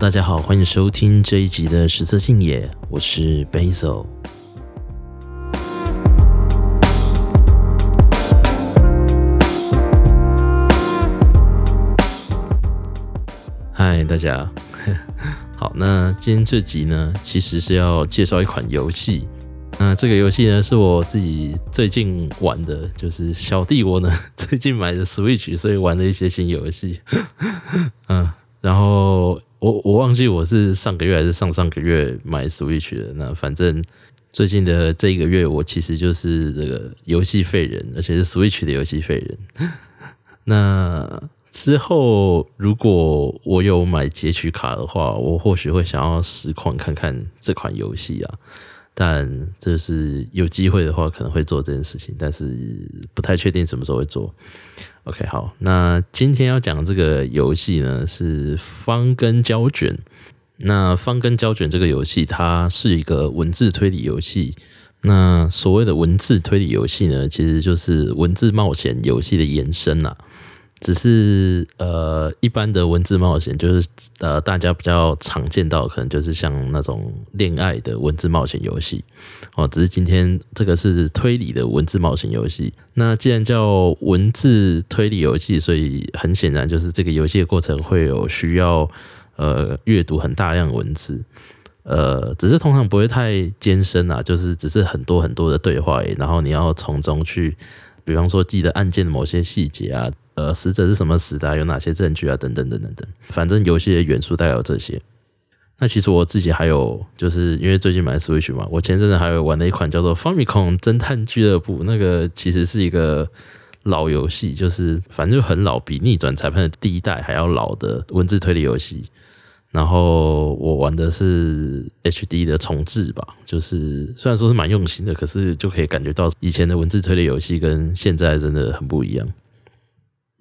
大家好，歡迎收聽這一集的食色性也，我是 Basil。Hi 大家， 好。那今天這集呢，其實是要介紹一款遊戲。那這個遊戲呢，是我自己最近玩的，就是小弟我呢，最近買的 Switch，所以玩了一些新遊戲。 嗯，然後。我我忘記我是上個月還是上上個月買 Switch 的。那反正最近的這一個月，我其實就是這個遊戲廢人，而且是 Switch 的遊戲廢人。 那之後如果我有買截取卡的話，我或許會想要實況看看這款遊戲啊。但就是有機會的話，可能會做這件事情，但是不太確定什麼時候會做。OK，好，那今天要講的這個遊戲呢，是方根膠捲。那方根膠捲這個遊戲，它是一個文字推理遊戲。那所謂的文字推理遊戲呢，其實就是文字冒險遊戲的延伸啦、啊。只是呃，一般的文字冒險就是呃，大家比較常見到可能就是像那種戀愛的文字冒險遊戲哦。只是今天這個是推理的文字冒險遊戲。那既然叫文字推理遊戲，所以很顯然就是這個遊戲的過程會有需要呃閱讀很大量的文字呃，只是通常不會太艱深啊，就是只是很多很多的對話、欸，然後你要從中去，比方說記得案件的某些細節啊。呃，死者是什麼死的啊？有哪些證據啊？等等等等等，反正遊戲的元素帶有這些。那其實我自己還有，就是因為最近買 Switch 嘛，我前陣子還有玩了一款叫做《Famicom 偵探俱樂部》，那個其實是一個老遊戲，就是反正就很老，比逆轉裁判的第一代還要老的文字推理遊戲。然後我玩的是 HD 的重置吧，就是雖然說是蠻用心的，可是就可以感覺到以前的文字推理遊戲跟現在真的很不一樣。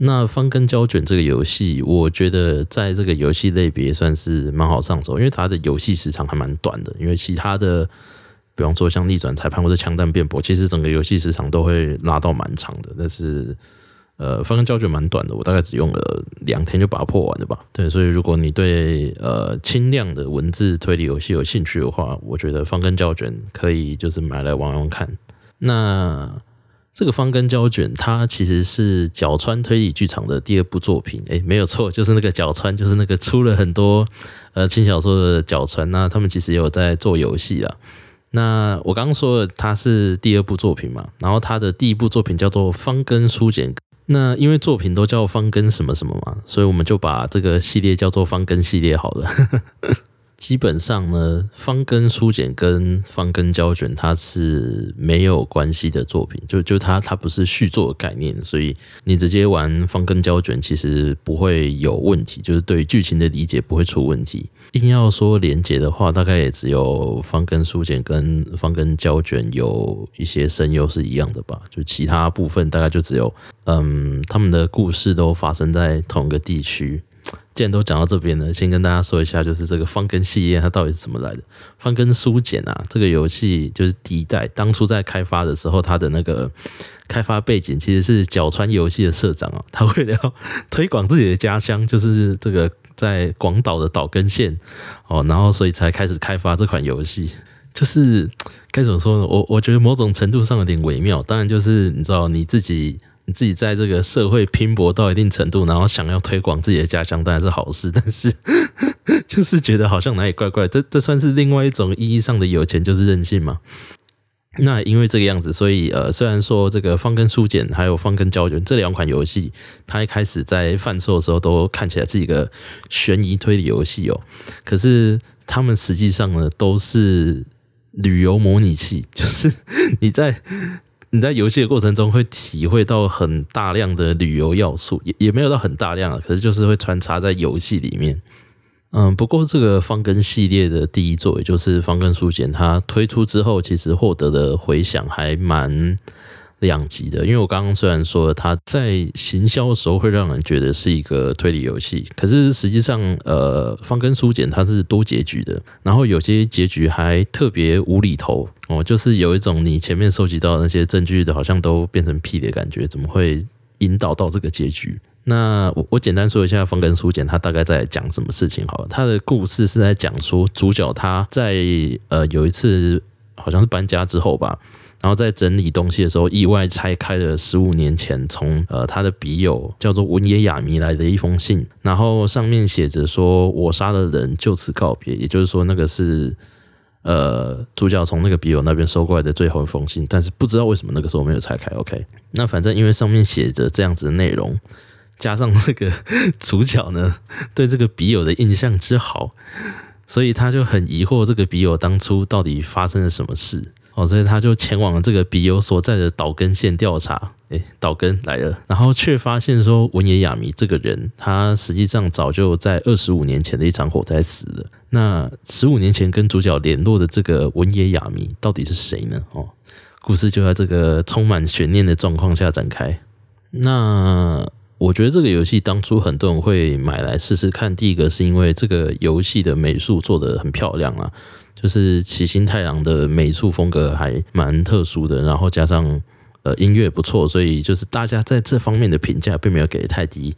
那方根膠捲這個遊戲，我覺得在這個遊戲類別算是蠻好上手，因為它的遊戲時長還蠻短的。因為其他的，比方說像逆轉裁判或者槍彈辯駁，其實整個遊戲時長都會拉到蠻長的。但是，呃，方根膠捲蠻短的，我大概只用了兩天就把它破完了吧。對，所以如果你對呃輕量的文字推理遊戲有興趣的話，我覺得方根膠捲可以就是買來玩玩看。那。這個方根膠捲，它其實是角川推理劇場的第二部作品。哎，沒有錯，就是那個角川，就是那個出了很多呃輕小說的角川。那他們其實也有在做遊戲啊。那我剛剛說的它是第二部作品嘛，然後它的第一部作品叫做方根書簡。那因為作品都叫方根什麼什麼嘛，所以我們就把這個系列叫做方根系列好了。 基本上呢，方根書簡跟方根膠卷它是沒有關係的作品，就就它它不是續作的概念，所以你直接玩方根膠卷其實不會有問題，就是對劇情的理解不會出問題。硬要說連結的話，大概也只有方根書簡跟方根膠卷有一些聲優是一樣的吧，就其他部分大概就只有，嗯，他們的故事都發生在同個地區。既然都講到這邊了，先跟大家說一下，就是這個方根系列它到底是怎麼來的。方根書簡啊，這個遊戲就是第一代，當初在開發的時候，它的那個開發背景其實是角川遊戲的社長啊，他為了推廣自己的家鄉，就是這個在廣島的島根縣哦，然後所以才開始開發這款遊戲。就是該怎麼說呢？我我覺得某種程度上有點微妙，當然就是你知道你自己。自己在這個社會拼搏到一定程度，然後想要推廣自己的家鄉，當然是好事。但是，就是覺得好像哪裡怪怪。這這算是另外一種意義上的有錢，就是任性嘛。那因為這個樣子，所以呃，雖然說這個《方根書簡》還有《方根膠卷》這兩款遊戲，它一開始在販售的時候都看起來是一個懸疑推理遊戲哦。可是他們實際上呢，都是旅遊模擬器，就是你在。你在遊戲的過程中會體會到很大量的旅遊要素也，也也沒有到很大量啊，可是就是會穿插在遊戲裡面。嗯，不過這個方根系列的第一作，也就是《方根書簡》，它推出之後，其實獲得的回響還蠻。兩集的，因為我剛剛雖然說他在行銷的時候會讓人覺得是一個推理遊戲，可是實際上，呃，方根書簡它是多結局的，然後有些結局還特別無厘頭哦，就是有一種你前面收集到那些證據的好像都變成屁的感覺，怎麼會引導到這個結局？那我我簡單說一下方根書簡，它大概在講什麼事情好了，它的故事是在講說主角他在呃有一次好像是搬家之後吧。然後在整理東西的時候，意外拆開了十五年前從呃他的筆友叫做文野雅彌來的一封信，然後上面寫着說我殺了人，就此告別，也就是說那個是呃主角從那個筆友那邊收過來的最後一封信，但是不知道為什麼那個時候沒有拆開。OK，那反正因為上面寫着這樣子的內容，加上這個主角呢，對這個筆友的印象之好，所以他就很疑惑這個筆友當初到底發生了什麼事。所以他就前往了這個筆友所在的島根縣調查。誒、欸，島根來了，然後卻發現說，文野亞彌這個人，他實際上早就在二十五年前的一場火災死了。那十五年前跟主角聯絡的這個文野亞彌到底是誰呢？哦，故事就在這個充滿懸念的狀況下展開。那我覺得這個遊戲當初很多人會買來試試看，第一個是因為這個遊戲的美術做得很漂亮啊。就是七星太郎的美術風格還蠻特殊的，然後加上呃音樂也不錯，所以就是大家在這方面的評價並沒有給得太低。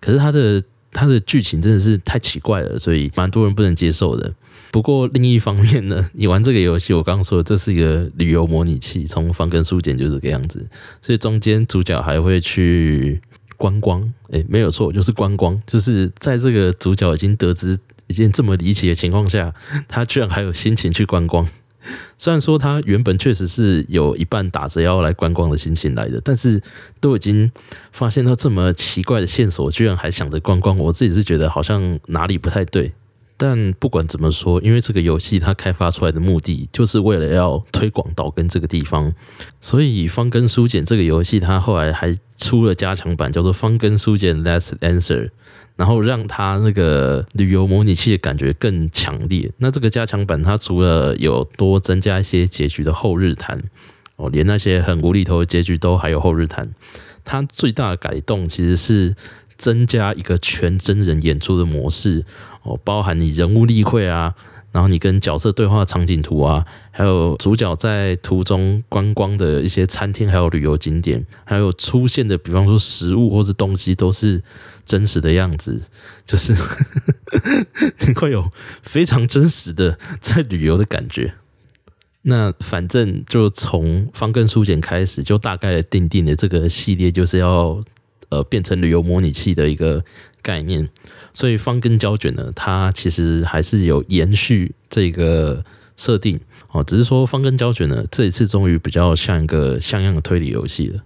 可是他的他的劇情真的是太奇怪了，所以蠻多人不能接受的。不過另一方面呢，你玩這個遊戲，我剛剛說的，這是一個旅遊模擬器，從方根書簡就是這個樣子，所以中間主角還會去觀光。誒、欸，沒有錯，就是觀光，就是在這個主角已經得知。已經這麼離奇的情況下，他居然還有心情去觀光。雖然說他原本確實是有一半打着要來觀光的心情來的，但是都已經發現到這麼奇怪的線索，居然還想着觀光，我自己是覺得好像哪裡不太對。但不管怎麼說，因為這個遊戲它開發出來的目的就是為了要推廣島根這個地方，所以《方根書簡》這個遊戲它後來還出了加強版，叫做《方根書簡 Last Answer》。然後讓它那個旅遊模擬器的感覺更強烈。那這個加強版，它除了有多增加一些結局的後日談，哦，連那些很無厘頭的結局都還有後日談。它最大的改動其實是增加一個全真人演出的模式，哦，包含你人物立繪啊。然後你跟角色對話的場景圖啊，還有主角在途中觀光的一些餐廳，還有旅遊景點，還有出現的，比方說食物或者東西，都是真實的樣子，就是 你會有非常真實的在旅遊的感覺。那反正就從方根書簡開始，就大概定定的這個系列就是要呃變成旅遊模擬器的一個。概念，所以方根膠捲呢，它其實還是有延續這個設定哦，只是說方根膠捲呢，這一次終於比較像一個像樣的推理遊戲了。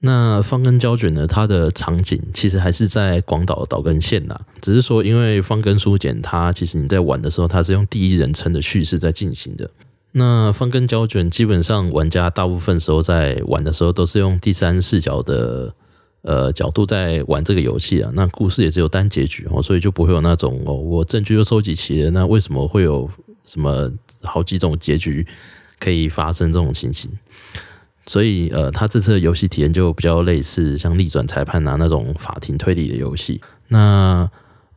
那方根膠捲呢，它的場景其實還是在廣島的島根縣啦。只是說因為方根書簡，它其實你在玩的時候，它是用第一人稱的敘事在進行的。那方根膠捲基本上玩家大部分時候在玩的時候，都是用第三視角的。呃，角度在玩這個遊戲啊，那故事也只有單結局哦，所以就不會有那種哦，我證據又收集齊了，那為什麼會有什麼好幾種結局可以發生這種情形？所以呃，他這次的遊戲體驗就比較類似像逆轉裁判啊那種法庭推理的遊戲。那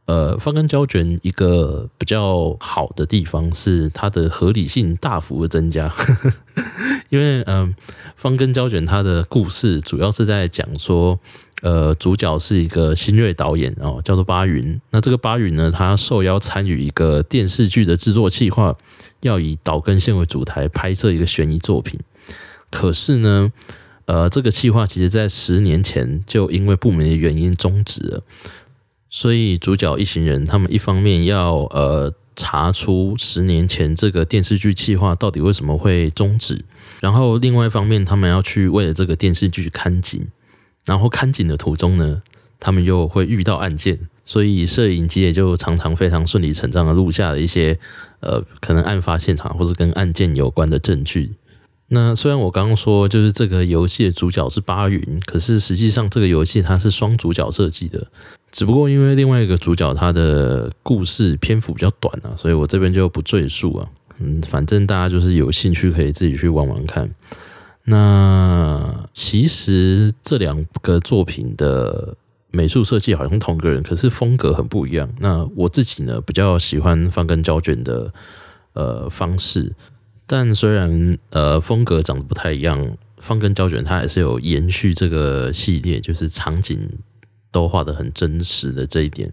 呃，方根膠捲一個比較好的地方是它的合理性大幅的增加。 因為嗯、呃，方根膠捲它的故事主要是在講說，呃，主角是一個新銳導演哦，叫做巴雲。那這個巴雲呢，他受邀參與一個電視劇的制作計劃，要以島根縣為舞台拍攝一個懸疑作品。可是呢，呃，這個計劃其實在十年前就因為不明的原因終止了。所以主角一行人他們一方面要呃。查出十年前這個電視劇企劃到底為什麼會終止，然後另外一方面，他們要去為了這個電視劇看景，然後看景的途中呢，他們又會遇到案件，所以攝影機也就常常非常順理成章的錄下了一些呃可能案發現場或是跟案件有關的證據。那雖然我剛剛說就是這個遊戲的主角是八雲，可是實際上這個遊戲它是雙主角設計的。只不過因為另外一個主角他的故事篇幅比較短啊，所以我這邊就不贅述啊。嗯，反正大家就是有興趣可以自己去玩玩看。那其實這兩個作品的美術設計好像同一個人，可是風格很不一樣。那我自己呢比較喜歡方根膠捲的呃方式，但雖然呃風格長得不太一樣，方根膠捲它還是有延續這個系列，就是場景，都畫得很真實的這一點，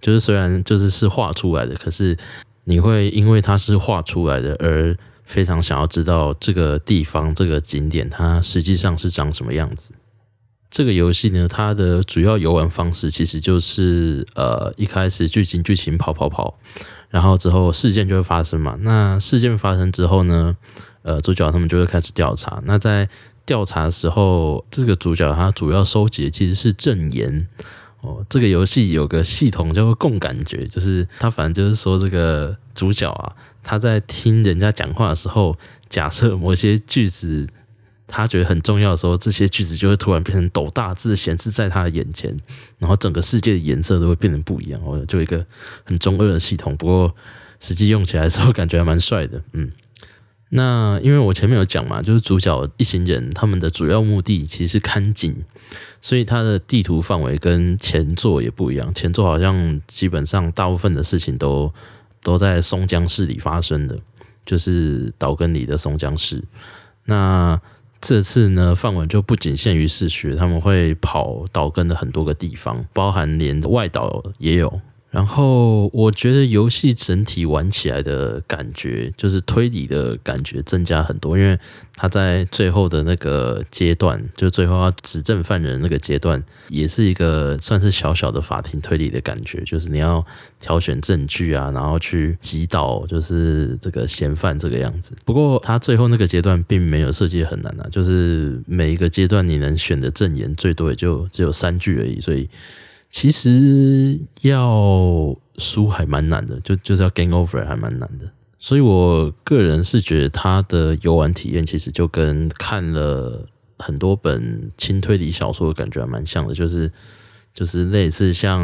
就是雖然就是是畫出來的，可是你會因為它是畫出來的而非常想要知道這個地方這個景點它實際上是長什麼樣子。這個遊戲呢，它的主要遊玩方式其實就是呃一開始劇情劇情跑跑跑，然後之後事件就會發生嘛。那事件發生之後呢，呃主角他們就會開始調查。那在調查的時候，這個主角他主要收集的其實是證言哦。這個遊戲有個系統叫做共感覺，就是他反正就是說這個主角啊，他在聽人家講話的時候，假設某些句子他覺得很重要的時候，這些句子就會突然變成斗大字顯示在他的眼前，然後整個世界的顏色都會變成不一樣。哦，就一個很中二的系統，不過實際用起來的時候感覺還蠻帥的，嗯。那因為我前面有講嘛，就是主角一行人他們的主要目的其實是看景，所以他的地圖範圍跟前作也不一樣。前作好像基本上大部分的事情都都在松江市裡發生的，就是島根裡的松江市。那這次呢，範圍就不僅限於市區，他們會跑島根的很多個地方，包含連外島也有。然後我覺得遊戲整體玩起來的感覺，就是推理的感覺增加很多，因為他在最後的那個階段，就最後要指證犯人那個階段，也是一個算是小小的法庭推理的感覺，就是你要挑選證據啊，然後去擊倒就是這個嫌犯這個樣子。不過他最後那個階段並沒有設計很難啊，就是每一個階段你能選的證言最多也就只有三句而已，所以。其實要輸還蠻難的，就就是要 game over 還蠻難的，所以我個人是覺得他的遊玩體驗其實就跟看了很多本輕推理小說的感覺還蠻像的，就是就是類似像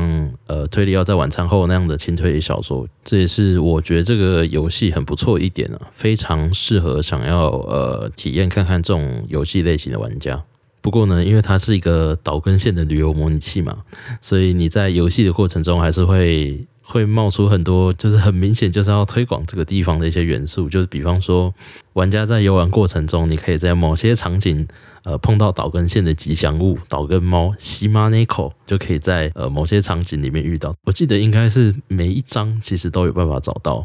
呃推理要在晚餐後那樣的輕推理小說，這也是我覺得這個遊戲很不錯一點啊，非常適合想要呃體驗看看這種遊戲類型的玩家。不過呢，因為它是一個島根縣的旅遊模擬器嘛，所以你在遊戲的過程中還是會會冒出很多，就是很明顯就是要推廣這個地方的一些元素，就是比方說玩家在遊玩過程中，你可以在某些場景呃碰到島根縣的吉祥物島根貓西馬內口，就可以在呃某些場景裡面遇到。我記得應該是每一章其實都有辦法找到，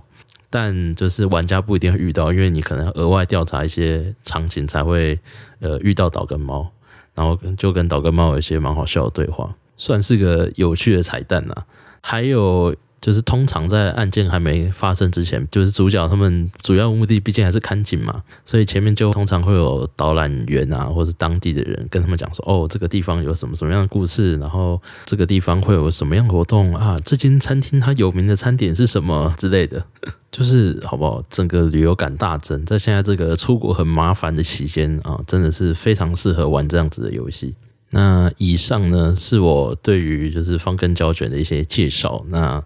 但就是玩家不一定會遇到，因為你可能要額外調查一些場景才會呃遇到島根貓。然後就跟島根貓有一些蠻好笑的對話，算是個有趣的彩蛋啦、啊，還有。就是通常在案件還沒發生之前，就是主角他們主要目的畢竟還是看景嘛，所以前面就通常會有導覽員啊，或者是當地的人跟他們講說，哦，這個地方有什麼什麼樣的故事，然後這個地方會有什麼樣的活動啊，這間餐廳它有名的餐點是什麼之類的，就是好不好？整個旅遊感大增，在現在這個出國很麻煩的期間啊，真的是非常適合玩這樣子的遊戲。那以上呢是我對於就是方根膠捲的一些介紹。那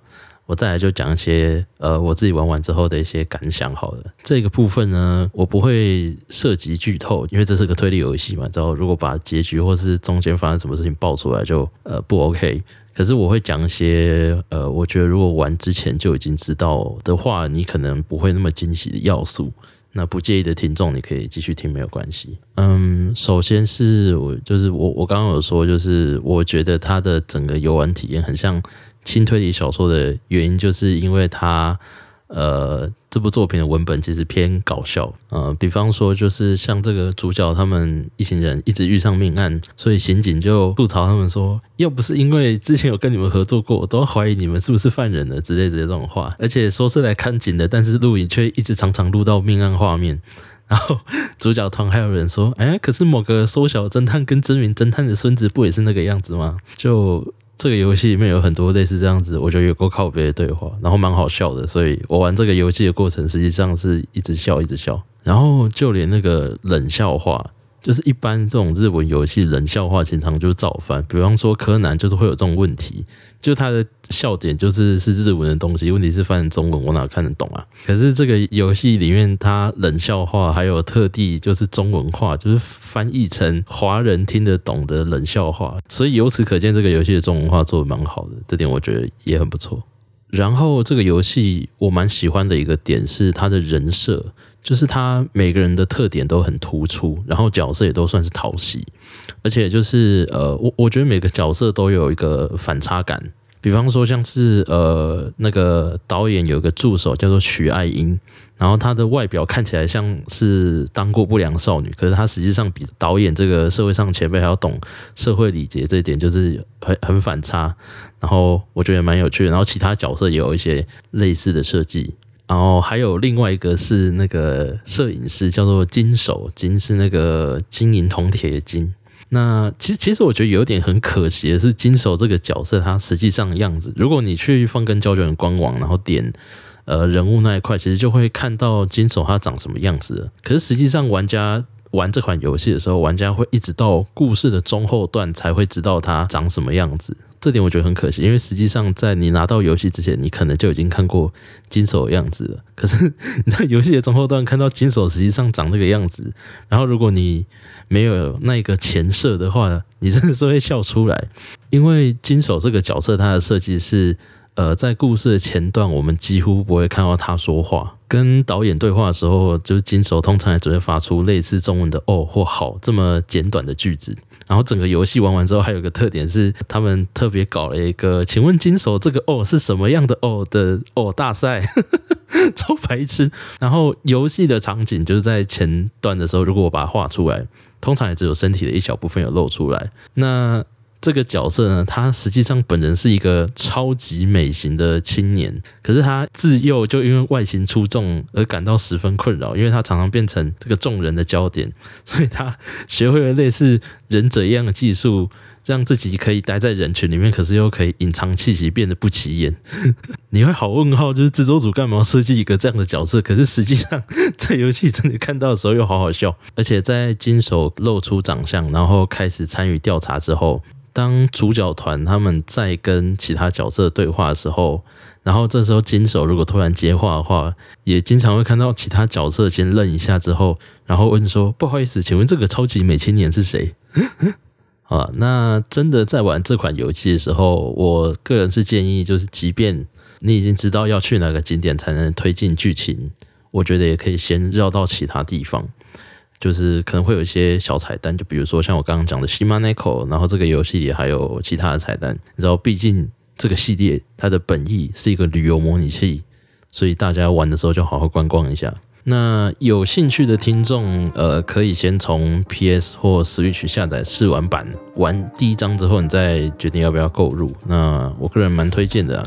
我再來就講一些呃，我自己玩完之後的一些感想好了。這個部分呢，我不會涉及劇透，因為這是個推理遊戲嘛。之後如果把結局或是中間發生什麼事情爆出來就，就呃不 OK。可是我會講一些呃，我覺得如果玩之前就已經知道的話，你可能不會那麼驚喜的要素。那不介意的聽眾，你可以繼續聽，沒有關係。嗯，首先是我就是我我剛剛有說，就是我，我，剛剛、就是、我覺得它的整個遊玩體驗很像新推理小說的原因，就是因為他呃，這部作品的文本其實偏搞笑，呃，比方說就是像這個主角他們一行人一直遇上命案，所以刑警就吐槽他們說，又不是因為之前有跟你們合作過，我都懷疑你們是不是犯人了之類之類這種話，而且說是來看景的，但是錄影卻一直常常錄到命案畫面，然後主角團還有人說，哎呀，可是某個縮小偵探跟知名偵探的孫子不也是那個樣子嗎？就。這個遊戲裡面有很多類似這樣子，我覺得有夠靠北的對話，然後蠻好笑的，所以我玩這個遊戲的過程實際上是一直笑一直笑，然後就連那個冷笑話。就是一般這種日文遊戲冷笑話經常就是照翻，比方說柯南就是會有這種問題，就它的笑點就是是日文的東西，問題是翻成中文我哪看得懂啊？可是這個遊戲裡面它冷笑話還有特地就是中文化，就是翻譯成華人聽得懂的冷笑話，所以由此可見這個遊戲的中文化做得蠻好的，這點我覺得也很不錯。然後這個遊戲我蠻喜歡的一個點是它的人設。就是他每個人的特點都很突出，然後角色也都算是討喜，而且就是呃，我我覺得每個角色都有一個反差感。比方說像是呃，那個導演有一個助手叫做徐愛英，然後他的外表看起來像是當過不良少女，可是他實際上比導演這個社會上前輩還要懂社會禮節，這一點就是很很反差。然後我覺得蠻有趣的，然後其他角色也有一些類似的設計。然後還有另外一個是那個攝影師，叫做金手，金是那個金銀銅鐵的金。那其實其實我覺得有點很可惜的是，金手這個角色他實際上的樣子，如果你去方根膠捲的官網，然後點呃人物那一塊，其實就會看到金手他長什麼樣子了。可是實際上玩家玩這款遊戲的時候，玩家會一直到故事的中後段才會知道他長什麼樣子。這點我覺得很可惜，因為實際上在你拿到遊戲之前，你可能就已經看過金手的樣子了。可是你在遊戲的中後段看到金手實際上長那個樣子，然後如果你沒有那個前設的話，你真的是會笑出來，因為金手這個角色它的設計是，呃，在故事的前段，我們幾乎不會看到他說話，跟導演對話的時候，就是金手通常也只會發出類似中文的“哦”或“好”這麼簡短的句子。然後整個遊戲玩完之後，還有一個特點是，他們特別搞了一個“請問金手這個‘哦’是什麼樣的‘哦’的‘哦’大賽”， 超白痴。然後遊戲的場景就是在前段的時候，如果我把它畫出來，通常也只有身體的一小部分有露出來。那這個角色呢，他實際上本人是一個超級美型的青年，可是他自幼就因為外形出眾而感到十分困擾，因為他常常變成這個眾人的焦點，所以他學會了類似忍者一樣的技術，讓自己可以待在人群裡面，可是又可以隱藏氣息，變得不起眼。 你會好問號，就是制作組幹嘛設計一個這樣的角色？可是實際上這遊戲真的看到的時候又好好笑，而且在金手露出長相，然後開始參與調查之後。當主角團他們在跟其他角色對話的時候，然後這時候金手如果突然接話的話，也經常會看到其他角色先愣一下，之後然後問說：“不好意思，請問這個超級美青年是誰？”啊， 那真的在玩這款遊戲的時候，我個人是建議，就是即便你已經知道要去哪個景點才能推進劇情，我覺得也可以先繞到其他地方。就是可能會有一些小彩蛋，就比如說像我剛剛講的島根縣，然後這個遊戲裡還有其他的彩蛋。然後畢竟這個系列它的本意是一個旅遊模擬器，所以大家玩的時候就好好觀光一下。那有興趣的聽眾，呃，可以先從 PS 或 Switch 下載試玩版，玩第一章之後你再決定要不要購入。那我個人蠻推薦的啊。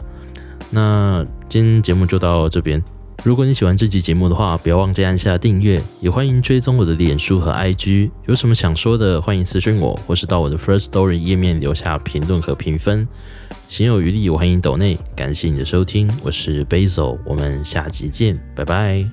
那今天節目就到這邊。如果你喜歡這集節目的話，不要忘記按下訂閱，也歡迎追蹤我的臉書和 IG。有什麼想說的，歡迎私訊我，或是到我的 First Story 頁面留下評論和評分。行有餘力，我歡迎抖內。感謝你的收聽，我是 Basil，我們下集見，拜拜。